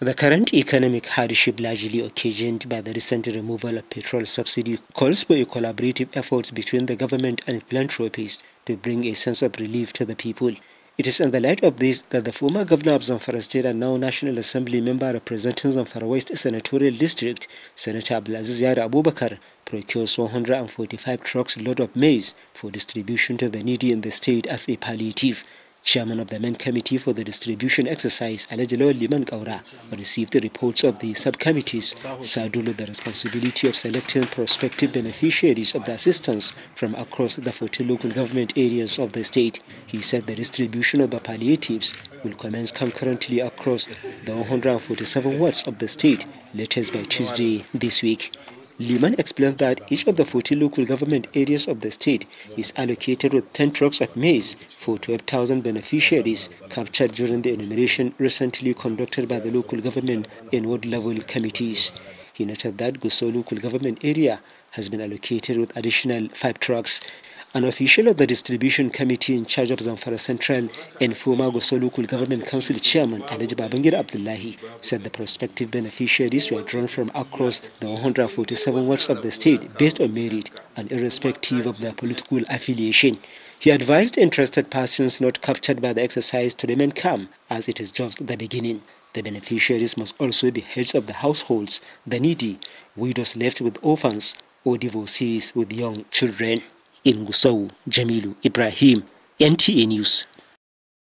The current economic hardship largely occasioned by the recent removal of petrol subsidy calls for a collaborative efforts between the government and philanthropists to bring a sense of relief to the people. It is in the light of this that the former governor of Zamfara State and now National Assembly member representing Zamfara West Senatorial District, Senator Abdulaziz Yara Abubakar, procures 145 trucks load of maize for distribution to the needy in the state as a palliative. Chairman of the main committee for the distribution exercise, Alejalo Liman Kaura, received the reports of the subcommittees. Sadulu, the responsibility of selecting prospective beneficiaries of the assistance from across the 40 local government areas of the state. He said the distribution of the palliatives will commence concurrently across the 147 wards of the state, latest by Tuesday this week. Liman explained that each of the 40 local government areas of the state is allocated with 10 trucks of maize for 12,000 beneficiaries captured during the enumeration recently conducted by the local government and ward level committees. He noted that Gusau local government area has been allocated with additional five trucks. An official of the distribution committee in charge of Zamfara Central and former Gusau local government council chairman Alhaji Abdullahi said the prospective beneficiaries were drawn from across the 147 wards of the state based on merit and irrespective of their political affiliation. He advised interested persons not captured by the exercise to remain calm as it is just the beginning. The beneficiaries must also be heads of the households, the needy, widows left with orphans, or divorcees with young children. In Gusau, Jamilu Ibrahim, NTA News.